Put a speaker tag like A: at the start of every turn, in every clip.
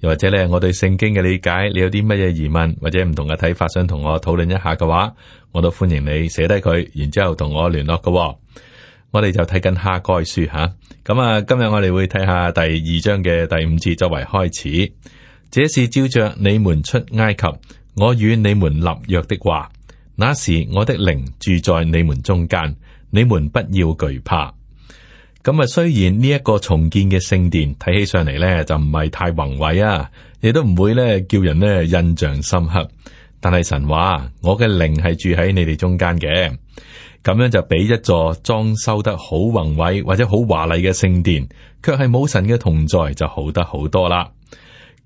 A: 又或者咧，我對聖經嘅理解，你有啲乜嘢疑問或者唔同嘅睇法，想同我討論一下嘅話，我都歡迎你寫低佢，然之後同我聯絡嘅喎。我哋就睇緊哈該書吓，咁啊，今日我哋會睇下第二章嘅第五節作為開始。這是照着你們出埃及，我與你們立約的話，那時我的靈住在你們中間，你們不要懼怕。咁啊，雖然呢一個重建嘅聖殿睇起上嚟咧，就唔係太宏偉啊，亦都唔會咧叫人咧印象深刻。但係神話，我嘅靈係住喺你哋中間嘅，咁樣就比一座裝修得好宏偉或者好華麗嘅聖殿，卻係冇神嘅同在就好得好多啦。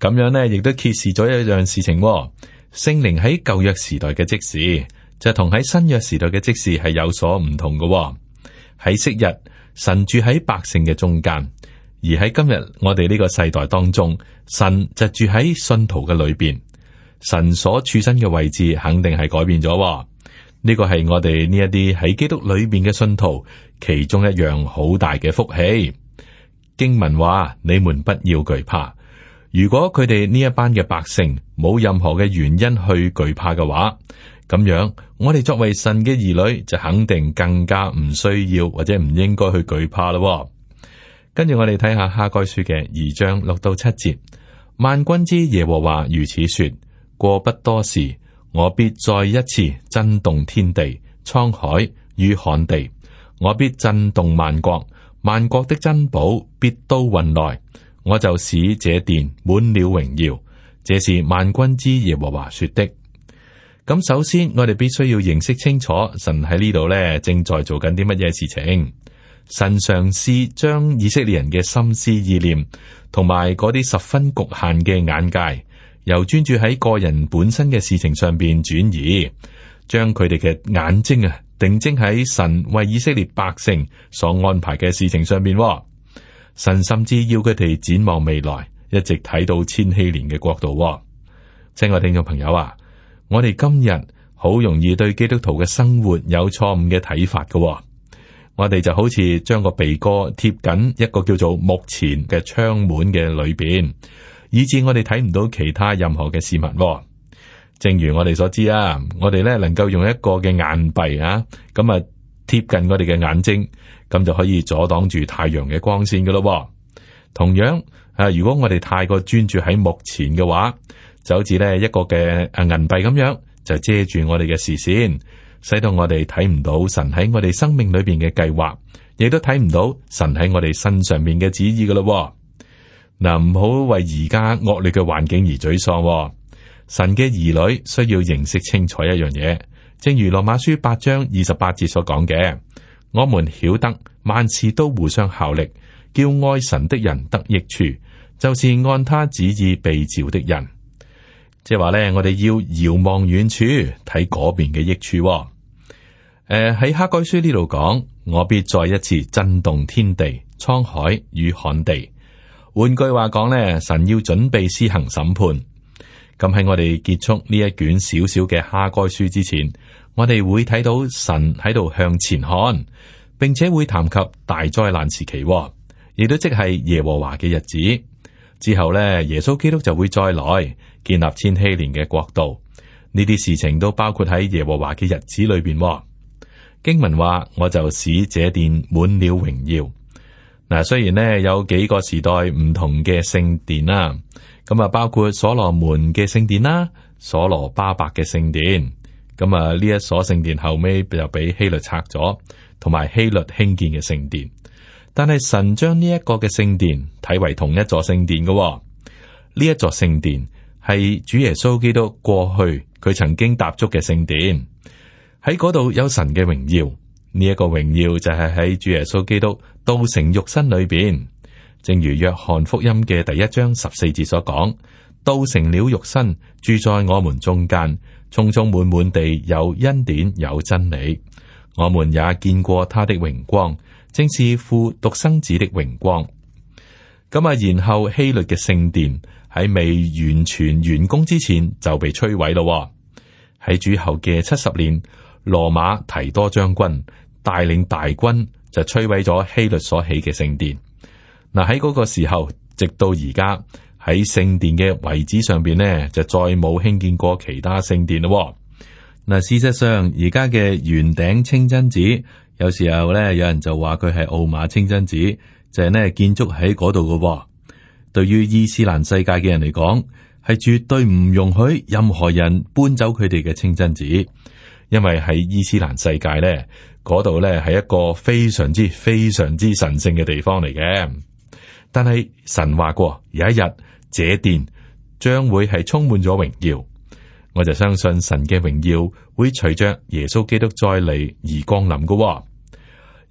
A: 咁樣咧，亦都揭示咗一樣事情：聖靈喺舊約時代嘅即時就同喺新約時代嘅即時係有所唔同嘅。喺昔日。神住喺百姓嘅中間，而喺今日我哋呢個世代當中，神就住喺信徒嘅裏邊。神所處身嘅位置肯定係改變咗，呢個係我哋呢一啲喺基督裏邊嘅信徒其中一樣好大嘅福氣。經文話：你們不要懼怕。如果佢哋呢一班嘅百姓冇任何嘅原因去懼怕嘅話，咁樣，我哋作為神嘅兒女，就肯定更加唔需要或者唔應該去懼怕咯、哦。跟住我哋睇下哈該書嘅二章六到七節，萬軍之耶和華如此說：過不多時，我必再一次震動天地、滄海與旱地，我必震動萬國，萬國的珍寶必都運來，我就使這殿滿了榮耀。這是萬軍之耶和華說的。咁首先，我哋必須要認識清楚神喺呢度呢，正在做緊啲乜嘢事情。神嘗試將以色列人嘅心思意念同埋嗰啲十分局限嘅眼界，由專注喺個人本身嘅事情上邊轉移，將佢哋嘅眼睛啊，定睛喺神為以色列百姓所安排嘅事情上面。神甚至要佢哋展望未來，一直睇到千禧年嘅國度。親愛聽眾朋友啊！我哋今日好容易對基督徒嘅生活有錯誤嘅睇法嘅、哦，我哋就好似將個鼻哥貼緊一個叫做目前嘅窗門嘅裏邊，以致我哋睇唔到其他任何嘅事物、哦。正如我哋所知啊，我哋咧能夠用一個嘅硬幣啊，咁啊貼近我哋嘅眼睛，咁就可以阻擋住太陽嘅光線噶咯、哦。同樣啊，如果我哋太過專注喺目前嘅話，就好似咧一個嘅啊銀幣咁樣，就遮住我哋嘅視線，使到我哋睇唔到神喺我哋生命裏邊嘅計劃，亦都睇唔到神喺我哋身上面嘅旨意㗎喇。嗱、啊，唔好為而家惡劣嘅環境而沮喪。神嘅兒女需要認識清楚一樣嘢，正如羅馬書八章二十八節所講嘅：我們曉得萬事都互相效力，叫愛神的人得益處，就是按他旨意被召的人。即係話咧，我哋要遙望遠處睇嗰邊嘅益處、哦。誒、呃，喺《哈該書》呢度講，我必再一次震動天地、滄海與旱地。換句話講咧，神要準備施行審判。咁喺我哋結束呢一卷小小嘅《哈該書》之前，我哋會睇到神喺度向前看，並且會談及大災難時期、哦，亦都即係耶和華嘅日子之後咧。耶穌基督就會再來。建立千禧年嘅國度，呢啲事情都包括喺耶和華嘅日子裏邊，經文話，我就使這殿滿了榮耀嗱。雖然呢有幾個時代唔同嘅聖殿啦，咁啊，包括所羅門嘅聖殿啦，所羅巴伯嘅聖殿，咁啊，呢一所聖殿後尾就俾希律拆咗，同埋希律興建嘅聖殿。但係神將呢一個嘅聖殿睇為同一座聖殿嘅，呢一座聖殿。係主耶穌基督過去佢曾經踏足嘅聖殿，喺嗰度有神嘅榮耀。呢、這、一個榮耀就係喺主耶穌基督道成肉身裏邊。正如約翰福音嘅第一章十四節所講：道成了肉身，住在我們中間，充充滿滿地有恩典有真理。我們也見過他的榮光，正是父獨生子的榮光。咁啊，然後希律嘅聖殿。喺未完全完工之前就被摧毀咯、哦。喺主後嘅七十年，羅馬提多將軍帶領大軍就摧毀咗希律所起嘅聖殿。嗱，喺嗰個時候，直到而家喺聖殿嘅遺址上邊呢，就再冇興建過其他聖殿咯、哦。嗱，事實上而家嘅圓頂清真寺，有時候咧，有人就話佢係奧馬清真寺，就係呢建築喺嗰度噶。對於伊斯蘭世界嘅人嚟講，係絕對唔容許任何人搬走佢哋嘅清真寺，因為喺伊斯蘭世界咧，嗰度咧係一個非常之非常之神聖嘅地方嚟嘅。但係神話過有一日，這殿將會係充滿咗榮耀，我就相信神嘅榮耀會隨着耶穌基督再嚟而降臨嘅、哦。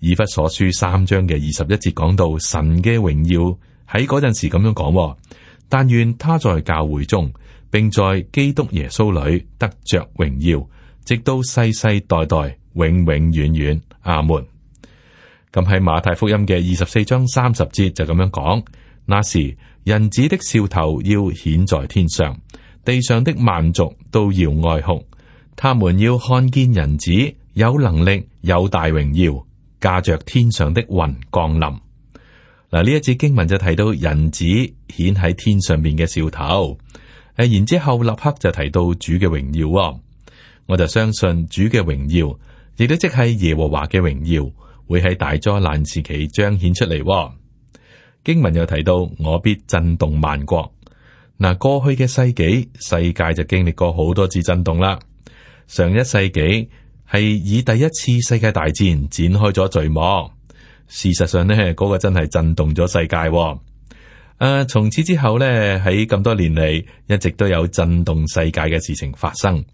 A: 以弗所書三章嘅二十一節講到神嘅榮耀。喺嗰陣時咁樣講，但願他在教會中，並在基督耶穌裏得着榮耀，直到世世代代永永遠遠。阿門。咁喺馬太福音嘅二十四章三十節就咁樣講，那時人子的兆頭要顯在天上，地上的萬族都要哀哭，他們要看見人子有能力有大榮耀，駕着天上的雲降臨。嗱，呢一節經文就提到人子顯喺天上邊嘅兆頭，誒，然之後立刻就提到主嘅榮耀，我就相信主嘅榮耀亦都即係耶和華嘅榮耀會喺大災難時期彰顯出嚟。經文又提到，我必震動萬國。嗱，過去嘅世紀世界就經歷過好多次震動啦，上一世紀係以第一次世界大戰展開咗序幕。事實上呢，嗰、那個真係震動咗世界、哦。誒、啊，從此之後呢，喺咁多年嚟，一直都有震動世界嘅事情發生。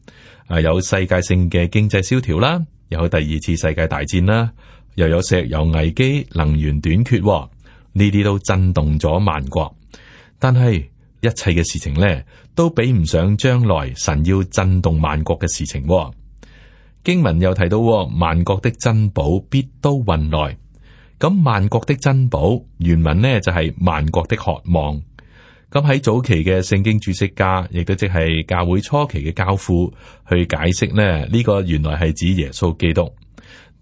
A: 啊，有世界性嘅經濟蕭條啦，有第二次世界大戰啦，又有石油危機、能源短缺呢、哦、啲都震動咗萬國。但係一切嘅事情呢，都比唔上將來神要震動萬國嘅事情、哦。經文又提到、哦，萬國的珍寶必都運來。咁萬國的珍寶，原文呢，就係萬國的渴望。咁喺早期嘅聖經注釋家，亦都即係教會初期嘅教父，去解釋咧，呢個原來係指耶穌基督。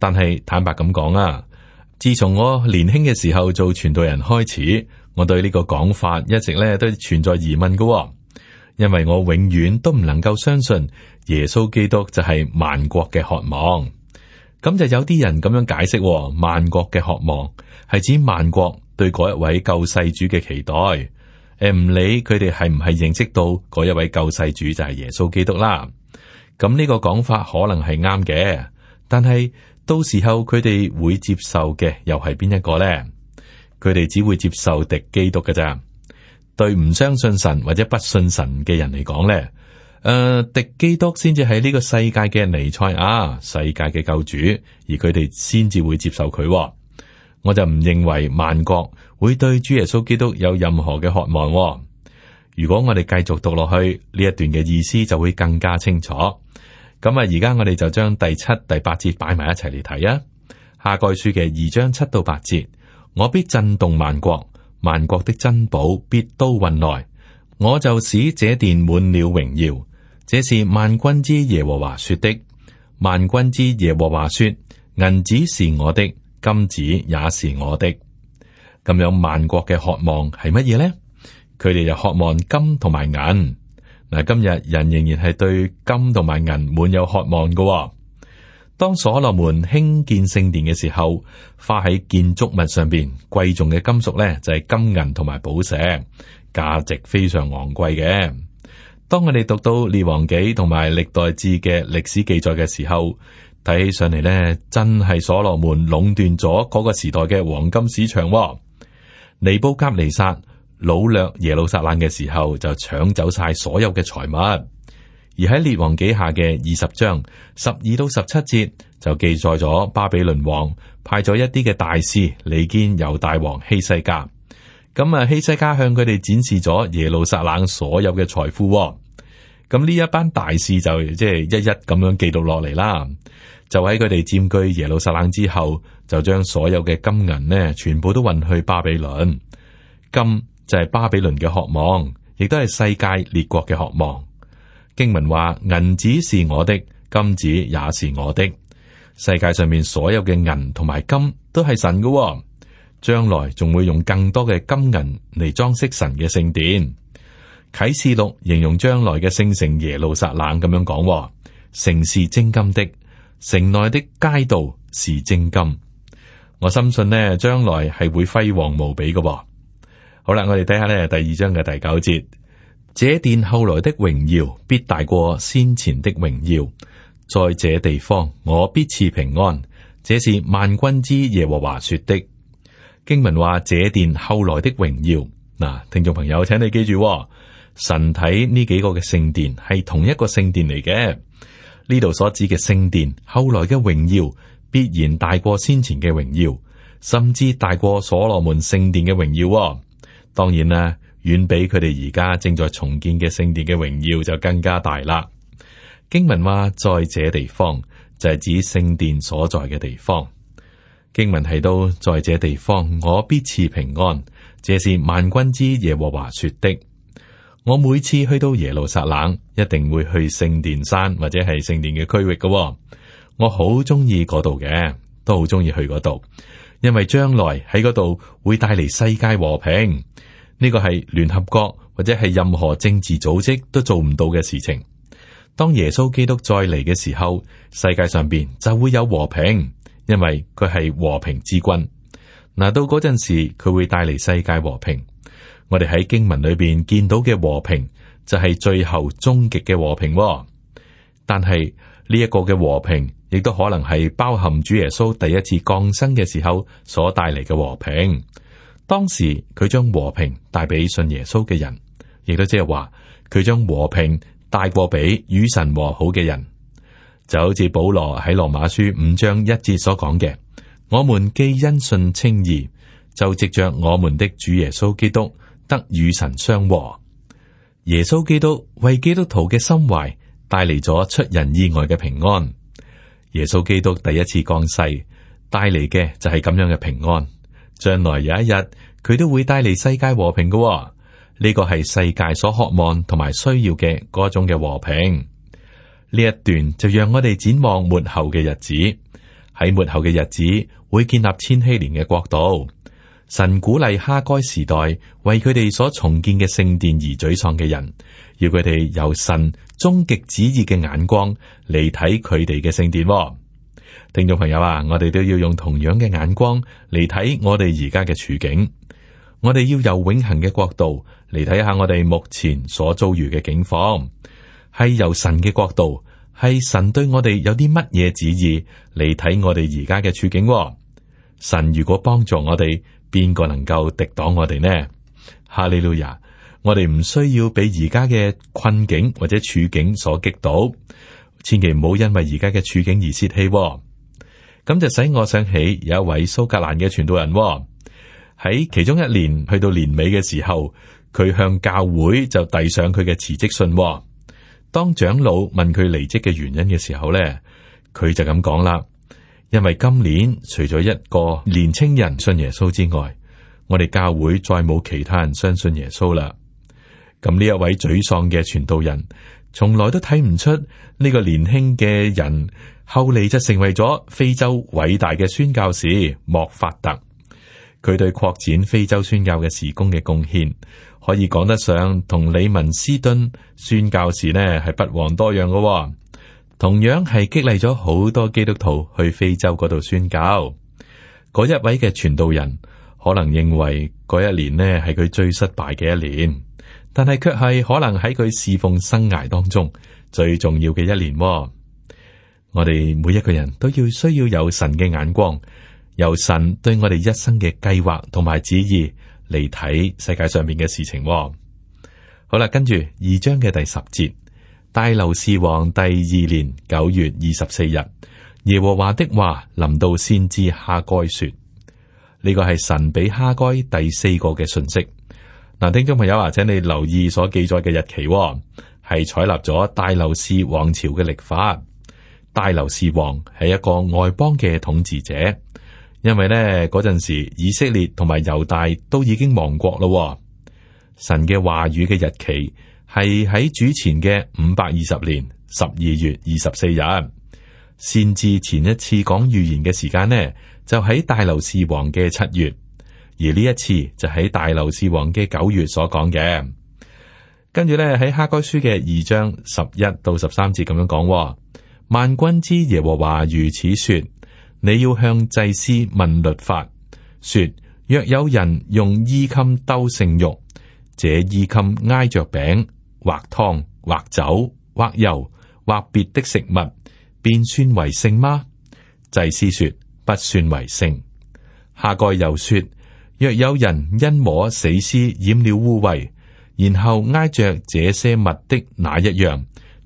A: 但係坦白咁講啊，自從我年輕嘅時候做傳道人開始，我對呢個講法一直咧都存在疑問噶，因為我永遠都唔能夠相信耶穌基督就係萬國嘅渴望。咁就有啲人咁樣解釋、哦，萬國嘅渴望係指萬國對嗰一位救世主嘅期待。誒、呃，唔理佢哋係唔係認識到嗰一位救世主就係耶穌基督啦。咁呢個講法可能係啱嘅，但係到時候佢哋會接受嘅又係邊一個呢？佢哋只會接受敵基督嘅咋？對唔相信神或者不信神嘅人嚟講咧？誒，敵、uh, 基督先至係呢個世界嘅尼賽亞，世界嘅救主，而佢哋先至會接受佢、哦。我就唔認為萬國會對主耶穌基督有任何嘅渴望、哦。如果我哋繼續讀落去，呢一段嘅意思，就會更加清楚。咁啊，而家我哋就將第七、第八節擺埋一齊嚟睇啊。哈該書嘅二章七到八節，我必震動萬國，萬國的珍寶必都運來，我就使這殿滿了榮耀。這是萬軍之耶和華說的。萬軍之耶和華說：銀子是我的，金子也是我的。咁樣萬國嘅渴望係乜嘢呢？佢哋又渴望金同埋銀。嗱，今日人仍然係對金同埋銀滿有渴望嘅。當所羅門興建聖殿嘅時候，花喺建築物上邊貴重嘅金屬咧，就係金銀同埋寶石，價值非常昂貴嘅。當我哋讀到《列王紀》同埋《歷代誌》嘅歷史記載嘅時候，睇起上嚟呢，真係所羅門壟斷咗嗰個時代嘅黃金市場。尼布甲尼撒擄掠耶路撒冷嘅時候，就搶走晒所有嘅財物。而喺《列王紀》下嘅二十章十二到十七節，就記載咗巴比倫王派咗一啲嘅大使嚟見猶大王希西家。咁啊，希西家向佢哋展示咗耶路撒冷所有嘅財富，哦。咁呢一班大使就即係一一咁樣記錄落嚟啦。就喺佢哋佔據耶路撒冷之後，就將所有嘅金銀呢，全部都運去巴比倫。金就係巴比倫嘅渴望，亦都係世界列國嘅渴望。經文話：銀子是我的，金子也是我的。世界上面所有嘅銀同埋金都係神嘅，哦。將來仲會用更多嘅金銀嚟裝飾神嘅聖殿。啟示錄形容將來嘅聖城耶路撒冷咁樣講：城是精金的，城內的街道是精金。我深信呢將來係會輝煌無比嘅。好啦，我哋睇下呢第二章嘅第九節。這殿後來的榮耀必大過先前的榮耀。在這地方，我必賜平安。這是萬軍之耶和華說的。經文話：這殿後來的榮耀，嗱，聽眾朋友，請你記住、哦，神睇呢幾個嘅聖殿係同一個聖殿嚟嘅。呢度所指嘅聖殿後來嘅榮耀，必然大過先前嘅榮耀，甚至大過所羅門聖殿嘅榮耀、哦。當然啦，遠比佢哋而家正在重建嘅聖殿嘅榮耀就更加大啦。經文話，在這地方就係、是、指聖殿所在嘅地方。經文提到，在這地方我必賜平安，這是萬軍之耶和華說的。我每次去到耶路撒冷，一定會去聖殿山或者係聖殿嘅區域噶、哦。我好鍾意嗰度嘅，都好鍾意去嗰度，因為將來喺嗰度會帶嚟世界和平。呢個係聯合國或者係任何政治組織都做唔到嘅事情。當耶穌基督再嚟嘅時候，世界上面就會有和平。因為佢係和平之君，嗱，到嗰陣時佢會帶嚟世界和平。我哋喺經文裏邊見到嘅和平就係最後終極嘅和平喎。但係呢一個嘅和平亦都可能係包含主耶穌第一次降生嘅時候所帶嚟嘅和平。當時佢將和平帶俾信耶穌嘅人，亦都即係話佢將和平帶過俾與神和好嘅人。就好似保羅喺羅馬書五章一節所講嘅，我們既因信稱義，就藉着我們的主耶穌基督得與神相和。耶穌基督為基督徒嘅心懷帶嚟咗出人意外嘅平安。耶穌基督第一次降世帶嚟嘅就係咁樣嘅平安，將來有一日佢都會帶嚟世界和平嘅、哦。呢、這個係世界所渴望同埋需要嘅嗰種嘅和平。呢一段就讓我哋展望末後嘅日子，喺末後嘅日子會建立千禧年嘅國度。神鼓勵哈該時代為佢哋所重建嘅聖殿而沮喪嘅人，要佢哋由神終極旨意嘅眼光嚟睇佢哋嘅聖殿。聽眾朋友啊，我哋都要用同樣嘅眼光嚟睇我哋而家嘅處境，我哋要由永恆嘅國度嚟睇下我哋目前所遭遇嘅境況。係由神嘅角度，係神對我哋有啲乜嘢旨意嚟睇我哋而家嘅處境、哦。神如果幫助我哋，邊個能夠敵擋我哋呢？哈利路亞！我哋唔需要俾而家嘅困境或者處境所激到，千祈唔好因為而家嘅處境而泄氣、哦。咁就使我想起有一位蘇格蘭嘅傳道人喺、哦、其中一年去到年尾嘅時候，佢向教會就遞上佢嘅辭職信、哦。當長老問佢離職嘅原因嘅時候咧，佢就咁講啦：因為今年除咗一個年青人信耶穌之外，我哋教會再冇其他人相信耶穌啦。咁呢一位沮喪嘅傳道人，從來都睇唔出呢個年輕嘅人，後嚟就成為咗非洲偉大嘅宣教士莫法特。佢對擴展非洲宣教嘅時工嘅貢獻。可以講得上同李文斯敦宣教時呢係不遑多讓嘅，同樣係激勵咗好多基督徒去非洲嗰度宣教。嗰一位嘅傳道人可能認為嗰一年呢係佢最失敗嘅一年，但係卻係可能喺佢侍奉生涯當中最重要嘅一年。我哋每一個人都要需要有神嘅眼光，有神對我哋一生嘅計劃同埋旨意。嚟睇世界上面嘅事情、哦，好啦，跟住二章嘅第十節，大流士王第二年九月二十四日，耶和華的話臨到先知哈該說，呢個係神俾哈該第四個嘅信息。嗱，聽眾朋友或、啊、者你留意所記載嘅日期、哦，係採納咗大流士王朝嘅曆法。大流士王係一個外邦嘅統治者。因為咧嗰陣時以色列同埋猶大都已經亡國咯、哦，神嘅話語嘅日期係喺主前嘅五百二十年十二月二十四日，先至前一次講預言嘅時間呢，就喺大流士王嘅七月，而呢一次就喺大流士王嘅九月所講嘅。跟住咧喺哈該書嘅二章十一到十三節咁樣講、哦，萬君之耶和華如此說。你要向祭司問律法，說：若有人用衣襟兜聖肉，這衣襟挨着餅、或湯、或酒、或油、或別的食物，便算為聖嗎？祭司說：不算為聖。」哈該又說：若有人因摸死屍染了污穢，然後挨着這些物的那一樣，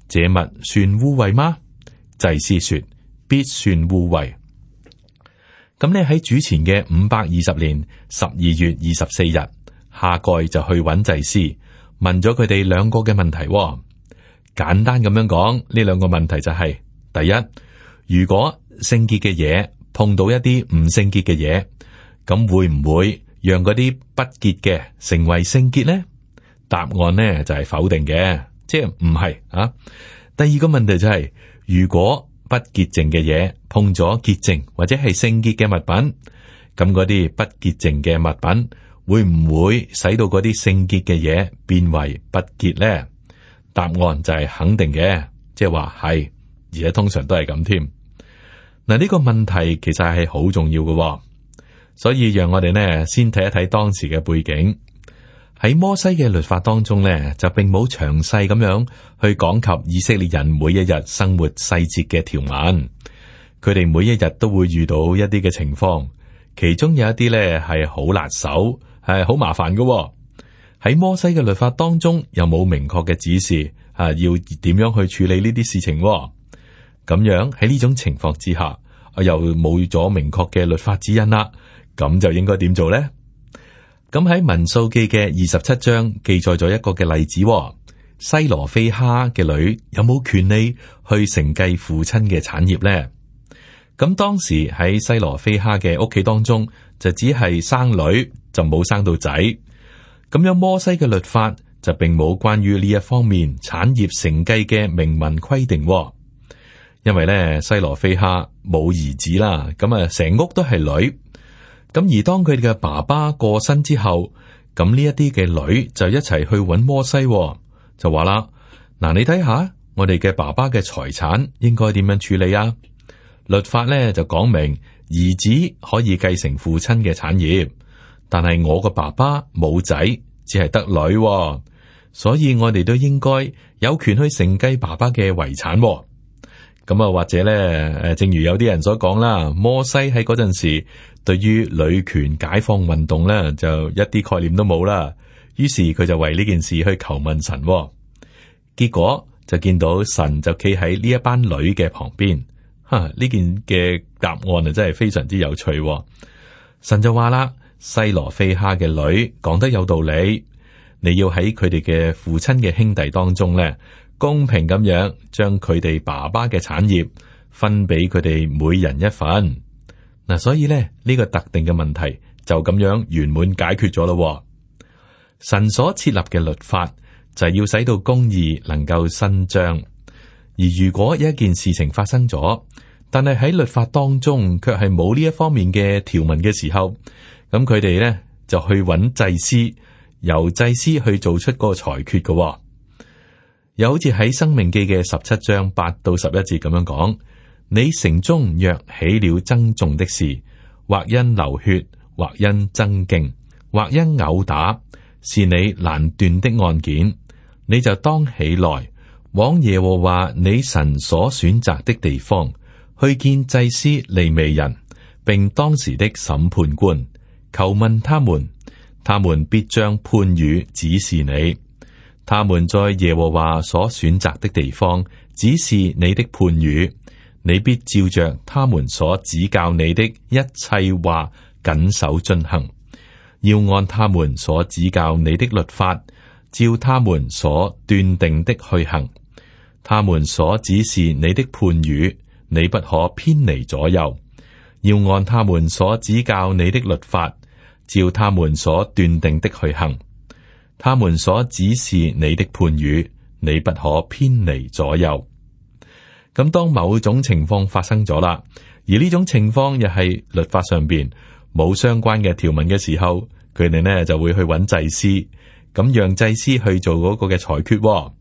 A: 這物算污穢嗎？祭司說：必算污穢。咁你喺主前嘅五百二十年十二月二十四日，哈該就去揾祭司，問咗佢哋兩個嘅問題、哦。簡單咁樣講，呢兩個問題就係、是：第一，如果聖潔嘅嘢碰到一啲唔聖潔嘅嘢，咁會唔會讓嗰啲不潔嘅成為聖潔呢？答案呢就係、是、否定嘅，即係唔係啊。第二個問題就係、是、如果。不潔淨嘅嘢碰咗潔淨或者係聖潔嘅物品，咁嗰啲不潔淨嘅物品會唔會使到嗰啲聖潔嘅嘢變為不潔咧？答案就係肯定嘅，即係話係，而且通常都係咁添。嗱，呢個問題其實係好重要嘅，所以讓我哋呢先睇一睇當時嘅背景。喺摩西嘅律法當中咧，就並冇詳細咁樣去講及以色列人每一日生活細節嘅條文。佢哋每一日都會遇到一啲嘅情況，其中有一啲咧係好辣手，係好麻煩嘅，哦。喺摩西嘅律法當中又冇明確嘅指示，啊，要點樣去處理呢啲事情，哦？咁樣喺呢種情況之下，又冇咗明確嘅律法指引啦，咁就應該點做咧？咁喺《民數記》嘅二十七章記載咗一個嘅例子、哦，西羅非哈嘅女有冇權利去承繼父親嘅產業呢？」咁當時喺西羅非哈嘅屋企當中就，就只係生女，就冇生到仔。咁樣摩西嘅律法就並冇關於呢一方面產業承繼嘅明文規定、哦，因為咧西羅非哈冇兒子啦，咁啊成屋都係女。咁而當佢哋嘅爸爸過身之後，咁呢一啲嘅女就一齊去揾摩西、哦，就話啦：嗱，你睇下我哋嘅爸爸嘅財產應該點樣處理啊？律法咧就講明兒子可以繼承父親嘅產業，但係我個爸爸冇仔，只係得女，所以我哋都應該有權去承繼爸爸嘅遺產。咁啊，或者咧，誒，正如有啲人所講啦，摩西喺嗰陣時。對於女權解放運動咧，就一啲概念都冇啦。於是佢就為呢件事去求問神，哦，結果就見到神就企喺呢一班女嘅旁邊。吓，呢件嘅答案啊，真係非常之有趣，哦。神就話啦：西羅非哈嘅女講得有道理，你要喺佢哋嘅父親嘅兄弟當中咧，公平咁樣將佢哋爸爸嘅產業分俾佢哋每人一份。嗱，所以咧呢、呢個特定嘅問題就咁樣圓滿解決咗咯、哦。神所設立嘅律法就係要使到公義能夠伸張，而如果有一件事情發生咗，但係喺律法當中卻係冇呢一方面嘅條文嘅時候，咁佢哋咧就去揾祭司，由祭司去做出個裁決嘅、哦。又好似喺《申命記》嘅十七章八到十一節咁樣講。你城中若起了爭訟的事，或因流血，或因爭競，或因毆打，是你難斷的案件，你就當起來往耶和華你神所選擇的地方去見祭司利未人，並當時的審判官，求問他們，他們必將判語指示你。他們在耶和華所選擇的地方指示你的判語。你必照着他們所指教你的一切話，謹守進行；要按他們所指教你的律法，照他們所斷定的去行；他們所指示你的判語，你不可偏離左右；要按他們所指教你的律法，照他們所斷定的去行；他們所指示你的判語，你不可偏離左右。咁當某種情況發生咗啦，而呢種情況又係律法上邊冇相關嘅條文嘅時候，佢哋呢就會去揾祭司，咁讓祭司去做嗰個嘅裁決、哦，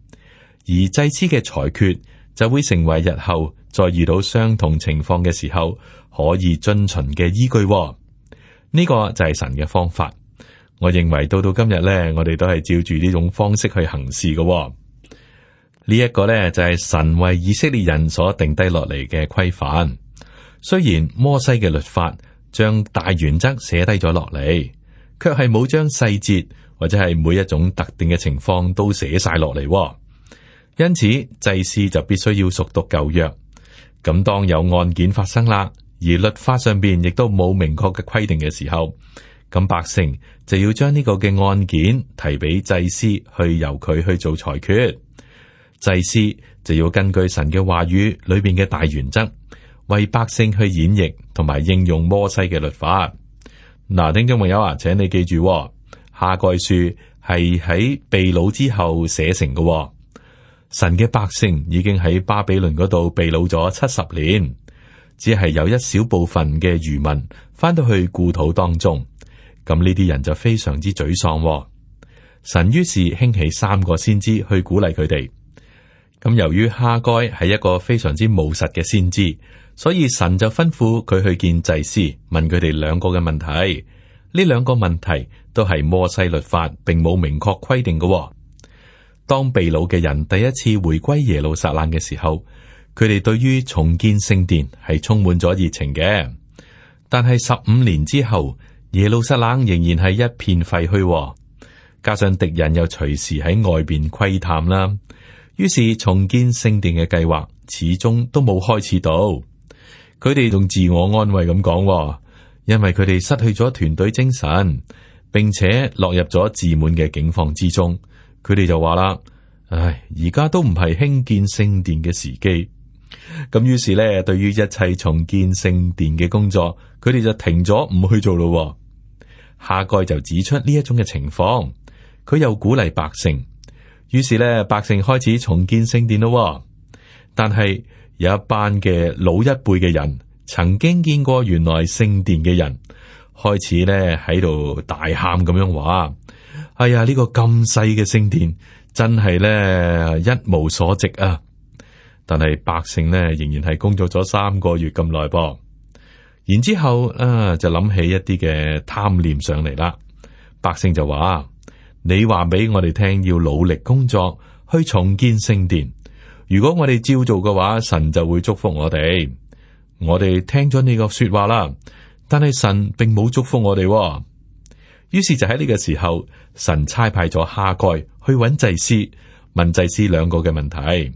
A: 而祭司嘅裁決就會成為日後再遇到相同情況嘅時候可以遵循嘅依據、哦。呢個就係神嘅方法。我認為到到今日呢，我哋都係照住呢種方式去行事嘅、哦。呢一個咧，就係神為以色列人所定低落嚟嘅規範。雖然摩西嘅律法將大原則寫低咗落嚟，卻係冇將細節或者係每一種特定嘅情況都寫晒落嚟。因此祭司就必須要熟讀舊約。咁當有案件發生啦，而律法上邊亦都冇明確嘅規定嘅時候，咁百姓就要將呢個嘅案件提俾祭司去，由佢去做裁決。祭司就要根據神嘅話語裏邊嘅大原則，為百姓去演繹同埋應用摩西嘅律法。嗱、呃，聽眾朋友啊，請你記住、哦，《哈該書》係喺被擄之後寫成嘅、哦。神嘅百姓已經喺巴比倫嗰度被擄咗七十年，只係有一小部分嘅餘民翻到去故土當中。咁呢啲人就非常之沮喪、哦。神於是興起三個先知去鼓勵佢哋。咁由於哈該係一個非常之務實嘅先知，所以神就吩咐佢去見祭司，問佢哋兩個嘅問題。呢兩個問題都係摩西律法並冇明確規定嘅，哦。當被擄嘅人第一次回歸耶路撒冷嘅時候，佢哋對於重建聖殿係充滿咗熱情嘅。但係十五年之後，耶路撒冷仍然係一片廢墟，哦，加上敵人又隨時喺外邊窺探啦。於是重建聖殿嘅計劃始終都冇開始到，佢哋仲自我安慰咁講，因為佢哋失去咗團隊精神，並且落入咗自滿嘅境況之中，佢哋就話啦：唉，而家都唔係興建聖殿嘅時機。咁於是咧，對於一切重建聖殿嘅工作，佢哋就停咗唔去做咯。哈該就指出呢一種嘅情況，佢又鼓勵百姓。於是咧，百姓開始重建聖殿咯。但係有一班嘅老一輩嘅人，曾經見過原來聖殿嘅人，開始咧喺度大喊咁樣話：哎呀，呢個咁細嘅聖殿真係咧一無所值啊！但係百姓咧仍然係工作咗三個月咁耐噃。然之後啊，就諗起一啲嘅貪念上嚟啦。百姓就話。你話俾我哋聽，要努力工作去重建聖殿。如果我哋照做嘅話，神就會祝福我哋。我哋聽咗你個說話啦，但係神並冇祝福我哋。於是就喺呢個時候，神差派咗哈該去揾祭司，問祭司兩個嘅問題。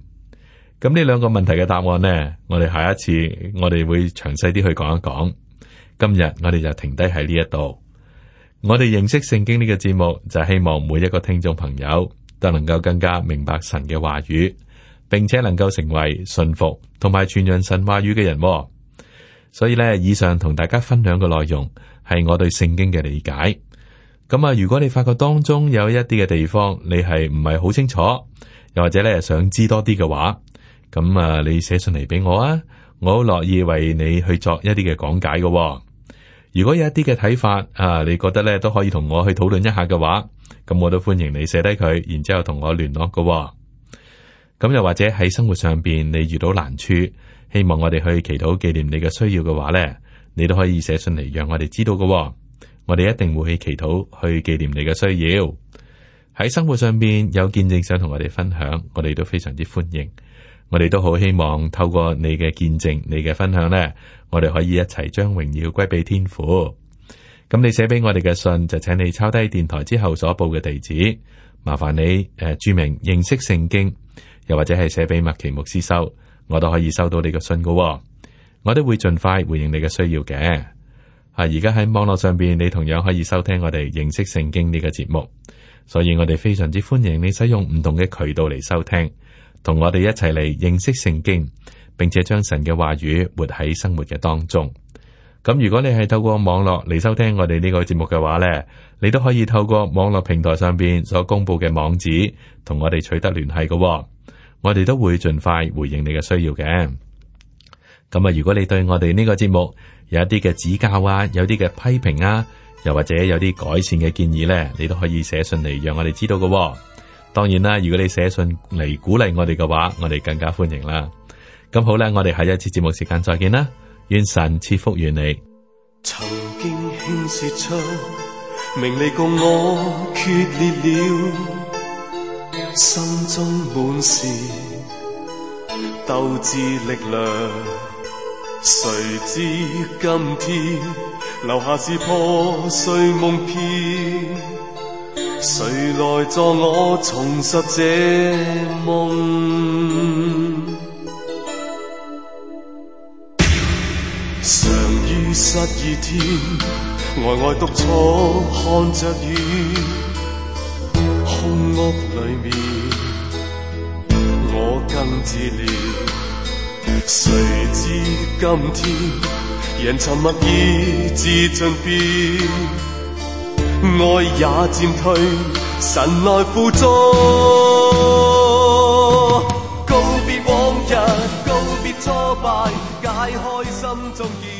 A: 咁呢兩個問題嘅答案呢，我哋下一次我哋會詳細啲去講一講。今日我哋就停低喺呢一度。我哋認識聖經呢個節目，就希望每一個聽眾朋友都能夠更加明白神嘅話語，並且能夠成為信服同埋傳揚神話語嘅人。所以呢，以上同大家分享嘅內容係我對聖經嘅理解。咁啊，如果你發覺當中有一啲嘅地方你係唔係好清楚，又或者咧想知多啲嘅話，咁啊，你寫信嚟俾我啊，我好樂意為你去作一啲嘅講解嘅。如果有一啲嘅睇法啊，你覺得咧都可以同我去討論一下嘅話，咁我都歡迎你寫低佢，然之後同我聯絡㗎喎。咁又或者喺生活上邊你遇到難處，希望我哋去祈禱紀念你嘅需要嘅話咧，你都可以寫信嚟讓我哋知道㗎喎。我哋一定會去祈禱去紀念你嘅需要。喺生活上邊有見證想同我哋分享，我哋都非常之歡迎。我哋都好希望透過你嘅見證，你嘅分享呢，我哋可以一齊將榮耀歸俾天父。咁你寫俾我哋嘅信就請你抄低電台之後所報嘅地址，麻煩你誒註明認識聖經，又或者係寫俾麥奇牧師收，我都可以收到你嘅信噶喎。我都會盡快回應你嘅需要嘅。啊，而家喺網絡上邊，你同樣可以收聽我哋認識聖經呢個節目，所以我哋非常之歡迎你使用唔同嘅渠道嚟收聽。同我哋一齊嚟認識聖經，並且將神嘅話語活喺生活嘅當中。咁如果你係透過網絡嚟收聽我哋呢個節目嘅話呢，你都可以透過網絡平台上邊所公布嘅網址，同我哋取得聯繫噶。我哋都會盡快回應你嘅需要嘅。咁啊，如果你對我哋呢個節目有一啲嘅指教啊，有啲嘅批評啊，又或者有啲改善嘅建議呢，你都可以寫信嚟讓我哋知道噶。當然啦，如果你寫信嚟鼓勵我哋嘅話，我哋更加歡迎啦。咁好咧，我哋下一次節目時間再見啦，願神賜福於你。曾
B: 經輕說出，名利共我決裂了，心中滿是鬥志力量，誰知今天留下是破碎夢片。誰來助我重拾這夢？常於失意天，呆呆獨坐看着雨，空屋裏面我更自憐。誰知今天人沉默已至盡變。愛也漸退，神來輔助，告別往日，告別挫敗，解開心中結。